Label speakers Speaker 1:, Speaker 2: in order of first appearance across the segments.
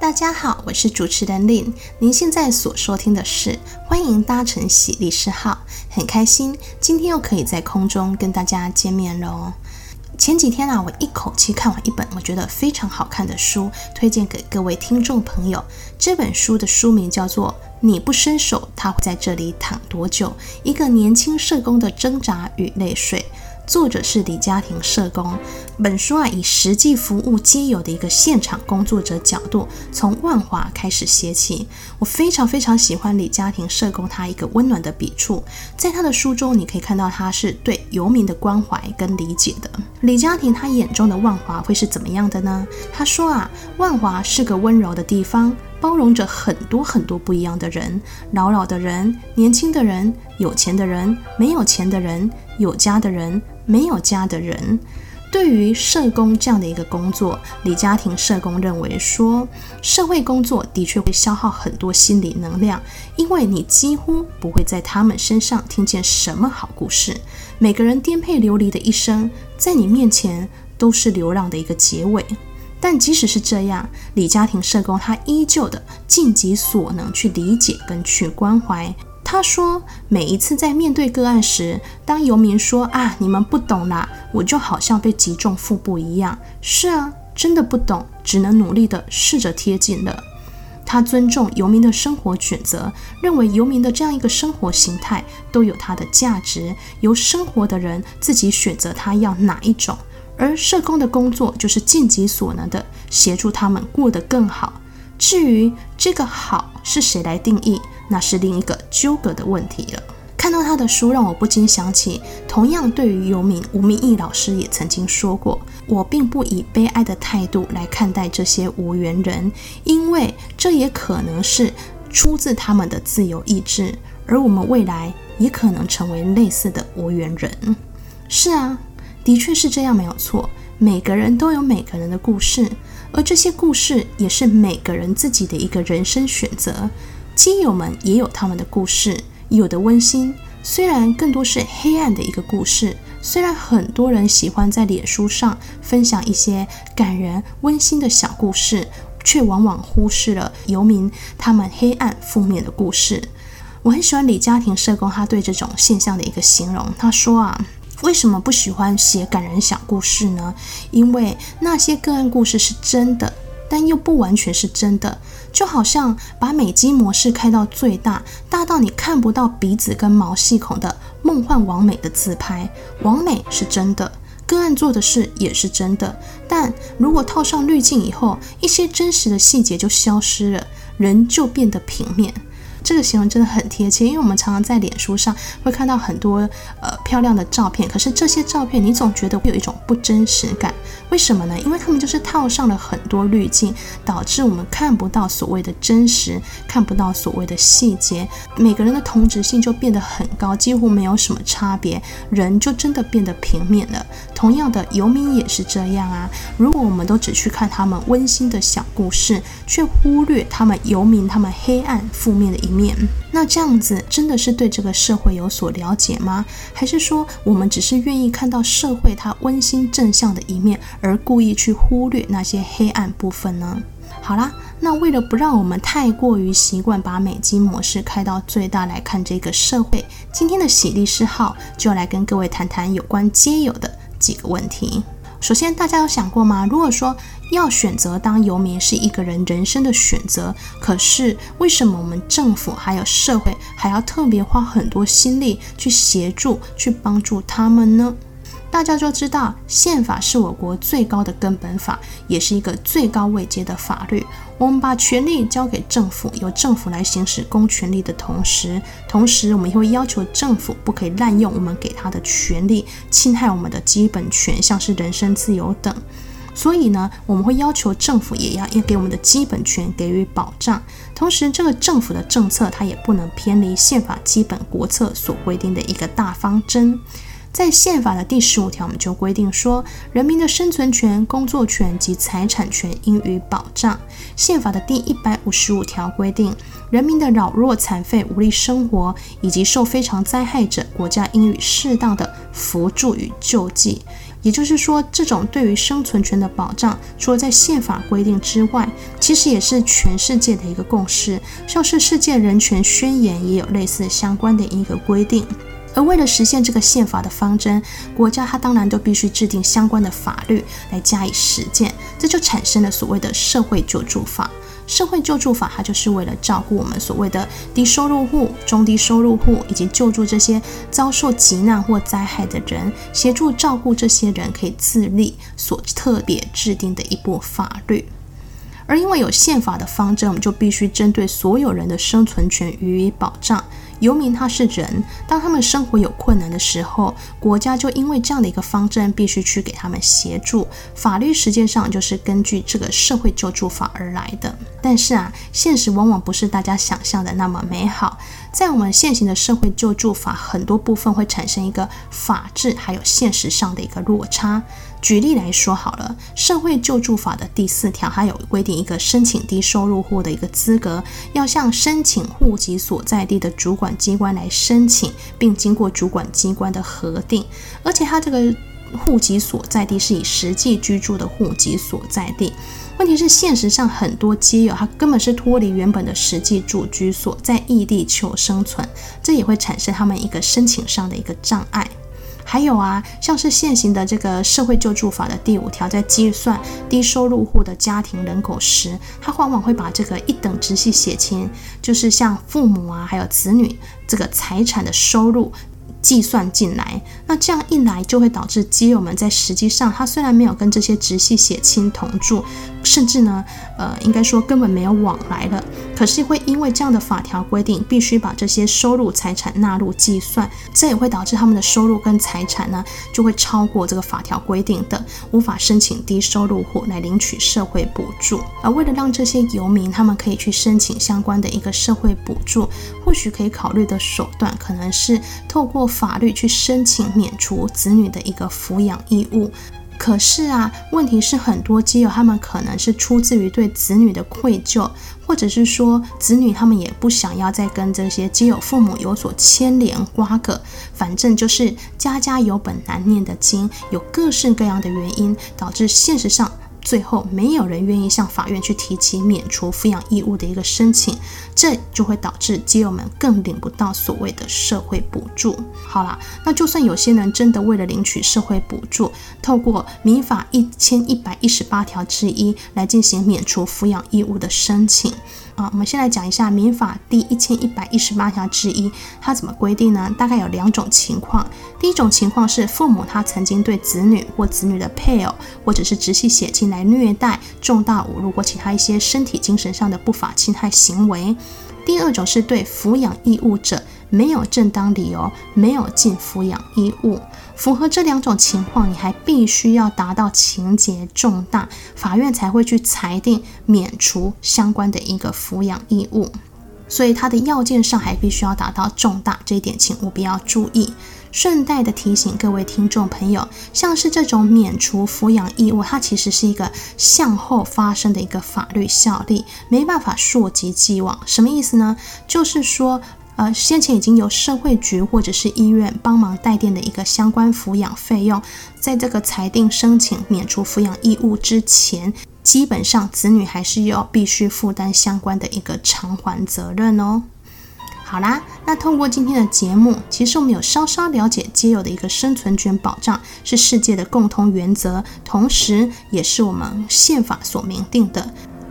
Speaker 1: 大家好，我是主持人 Lynne。您現在所收聽的是歡迎搭乘喜利士號，很開心今天又可以在空中跟大家見面嘍。前幾天啊，我一口氣看完一本我覺得非常好看的書，推薦給各位聽眾朋友。這本書的書名叫做《你不伸手，他會在這裡躺多久？》一個年輕社工的掙扎與淚水。作者是李佳庭社工，本書啊，以實際服務街友的一個現場工作者角度，從萬華開始寫起。我非常非常喜歡李佳庭社工他一個溫暖的筆觸，在他的書中你可以看到他是對游民的關懷跟理解的。李佳庭他眼中的萬華會是怎麼樣的呢？他說啊，萬華是個溫柔的地方，包容着很多很多不一樣的人，老老的人，年輕的人，有錢的人，沒有錢的人，有家的人，沒有家的人。對於社工這樣的一個工作，李佳庭社工認為說，社會工作的確會消耗很多心理能量，因為你幾乎不會在他們身上聽見什麼好故事。每個人顛沛流離的一生，在你面前都是流浪的一個結尾。但即使是這樣，李佳庭社工他依舊的盡己所能去理解跟去關懷。他說：“每一次在面對個案時，當遊民說‘啊，你們不懂啦’，我就好像被擊中腹部一樣。是啊，真的不懂，只能努力的試着貼近了。他尊重遊民的生活選擇，認為遊民的這樣一個生活形態都有它的價值，由生活的人自己選擇他要哪一種。而社工的工作就是盡己所能的協助他們過得更好。”至於這個好是誰來定義，那是另一個糾葛的問題了。看到他的書，讓我不禁想起，同樣對於遊民吳明義老師也曾經說過：“我並不以悲哀的態度來看待這些無緣人，因為這也可能是出自他們的自由意志，而我們未來也可能成為類似的無緣人。”是啊，的確是這樣，沒有錯。每個人都有每個人的故事。而這些故事也是每個人自己的一個人生選擇，街友們也有他們的故事，有的溫馨，雖然更多是黑暗的一個故事。雖然很多人喜歡在臉書上分享一些感人溫馨的小故事，卻往往忽視了游民他們黑暗負面的故事。我很喜歡李佳庭社工他對這種現象的一個形容，他說啊。為什麼不喜歡寫感人小故事呢？因為那些個案故事是真的，但又不完全是真的。就好像把美肌模式開到最大，大到你看不到鼻子跟毛細孔的夢幻完美的自拍。完美是真的，個案做的事也是真的。但如果套上濾鏡以後，一些真實的細節就消失了，人就變得平面。這個形容真的很貼切，因為我們常常在臉書上會看到很多呃漂亮的照片，可是這些照片你總覺得會有一種不真實感，為什麼呢？因為他們就是套上了很多濾鏡，導致我們看不到所謂的真實，看不到所謂的細節。每個人的同質性就變得很高，幾乎沒有什麼差別，人就真的變得平面了。同樣的，遊民也是這樣啊。如果我們都只去看他們溫馨的小故事，卻忽略他們遊民他們黑暗負面的面，那這樣子真的是對這個社會有所了解嗎？還是說我們只是願意看到社會它溫馨正向的一面，而故意去忽略那些黑暗部分呢？好啦，那為了不讓我們太過於習慣把美金模式開到最大來看這個社會，今天的喜力師號就要來跟各位談談有關街友的幾個問題。首先，大家有想過嗎？如果說要選擇當游民是一個人人生的選擇，可是為什麼我們政府還有社會還要特別花很多心力去協助、去幫助他們呢？大家就知道，憲法是我國最高的根本法，也是一個最高位階的法律。我們把權力交給政府，由政府來行使公權力的同時，同時我們也會要求政府不可以濫用我們給他的權力，侵害我們的基本權，像是人身自由等。所以呢，我們會要求政府也要要給我們的基本權給予保障，同時這個政府的政策它也不能偏離憲法基本國策所規定的一個大方針。在憲法的第十五條，我們就規定說，人民的生存權、工作權及財產權應予保障。憲法的第一百五十五條規定，人民的老弱、殘廢、無力生活以及受非常災害者，國家應予適當的扶助與救濟。也就是說，這種對於生存權的保障，除了在憲法規定之外，其實也是全世界的一個共識。像是《世界人權宣言》也有類似相關的一個規定。而為了實現這個憲法的方針，國家它當然都必須制定相關的法律來加以實踐，這就產生了所謂的社會救助法。社會救助法它就是為了照顧我們所謂的低收入戶、中低收入戶以及救助這些遭受急難或災害的人，協助照顧這些人可以自立所特別制定的一部法律。而因為有憲法的方針，我們就必須針對所有人的生存權予以保障。遊民他是人，當他們生活有困難的時候，國家就因為這樣的一個方針，必須去給他們協助。法律實際上就是根據這個社會救助法而來的。但是啊，現實往往不是大家想象的那麼美好。在我們現行的社會救助法很多部分會產生一個法治還有現實上的一個落差。舉例來說好了，社會救助法的第四條它有規定一個申請低收入戶的一個資格，要向申請戶籍所在地的主管機關來申請，並經過主管機關的核定，而且他這個戶籍所在地是以實際居住的戶籍所在地。問題是，現實上很多街友他根本是脫離原本的實際住居所在異地求生存，這也會產生他們一個申請上的一個障礙。還有啊，像是現行的這個社會救助法的第五條，在計算低收入戶的家庭人口時，他往往會把這個一等直系血親，就是像父母啊，還有子女這個財產的收入。計算進來，那這樣一來就會導致街友們在實際上，他雖然沒有跟這些直系血親同住，甚至呢，呃，應該說根本沒有往來了，可是會因為這樣的法條規定，必須把這些收入財產納入計算，這也會導致他們的收入跟財產呢，就會超過這個法條規定的，無法申請低收入戶來領取社會補助。而為了讓這些游民他們可以去申請相關的一個社會補助，或許可以考慮的手段可能是透過。法律去申請免除子女的一個撫養義務，可是啊，問題是很多街友他們可能是出自於對子女的愧疚，或者是說子女他們也不想要再跟這些街友父母有所牽連瓜葛，反正就是家家有本難念的經，有各式各樣的原因導致現實上。最後，沒有人願意向法院去提起免除扶養義務的一個申請，這就會導致街友們更領不到所謂的社會補助。好了，那就算有些人真的為了領取社會補助，透過民法一千一百一十八條之一來進行免除扶養義務的申請。啊，我們先來講一下《民法》第一千一百一十八條之一，它怎麼規定呢？大概有兩種情況。第一種情況是父母他曾經對子女或子女的配偶或者是直系血親來虐待、重大侮辱或其他一些身體、精神上的不法侵害行為；第二種是對撫養義務者。沒有正當理由，沒有盡撫養義務，符合這兩種情況，你還必須要達到情節重大，法院才會去裁定免除相關的一個撫養義務。所以它的要件上還必須要達到重大，這一點請務必要注意。順帶的提醒各位聽眾朋友，像是這種免除撫養義務，它其實是一個向後發生的一個法律效力，沒辦法溯及既往。什麼意思呢？就是說。呃，先前已經由社會局或者是醫院幫忙代墊的一個相關撫養費用，在這個裁定申請免除撫養義務之前，基本上子女還是要必須負擔相關的一個償還責任哦。好啦，那通過今天的節目，其實我們有稍稍了解街友的一個生存權保障是世界的共同原則，同時也是我們憲法所明定的。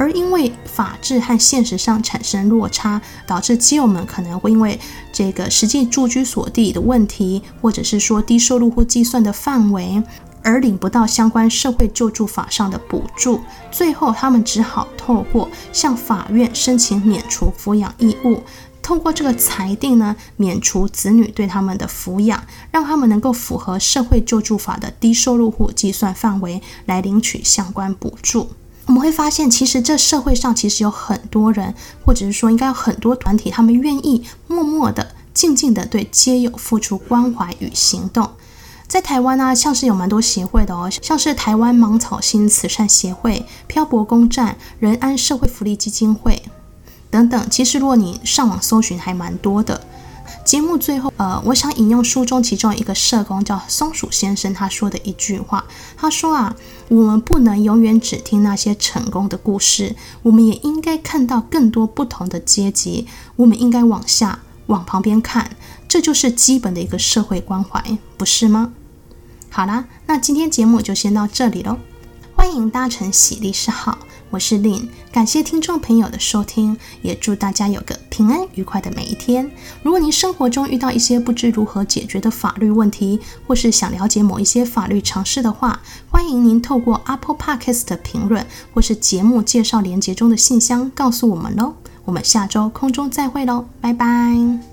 Speaker 1: 而因為法制和現實上產生落差，導致街友們可能會因為這個實際住居所地的問題，或者是說低收入戶計算的範圍，而領不到相關社會救助法上的補助。最後，他們只好透過向法院聲請免除撫養義務，透過這個裁定呢，免除子女對他們的撫養，讓他們能夠符合社會救助法的低收入戶計算範圍來領取相關補助。我們會發現，其實這社會上其實有很多人，或者是說應該有很多團體，他們願意默默的、靜靜的對街友付出關懷與行動。在台灣呢、啊，像是有蠻多協會的哦，像是台灣芒草心慈善協會、漂泊公站、人安社會福利基金會等等。其實，如果你上網搜尋，還蠻多的。節目最後，呃，我想引用書中其中一個社工叫松鼠先生，他說的一句話，他說啊，我們不能永遠只聽那些成功的故事，我們也應該看到更多不同的階級，我們應該往下往旁邊看，這就是基本的一個社會關懷，不是嗎？好啦，那今天節目就先到這裡嘍，歡迎搭乘喜力士號。我是 Lynne，感謝聽眾朋友的收聽，也祝大家有個平安愉快的每一天。如果您生活中遇到一些不知如何解決的法律問題，或是想了解某一些法律常識的話，歡迎您透過 Apple Podcast 的評論或是節目介紹連結中的信箱告訴我們嘍。我們下周空中再會嘍，拜拜。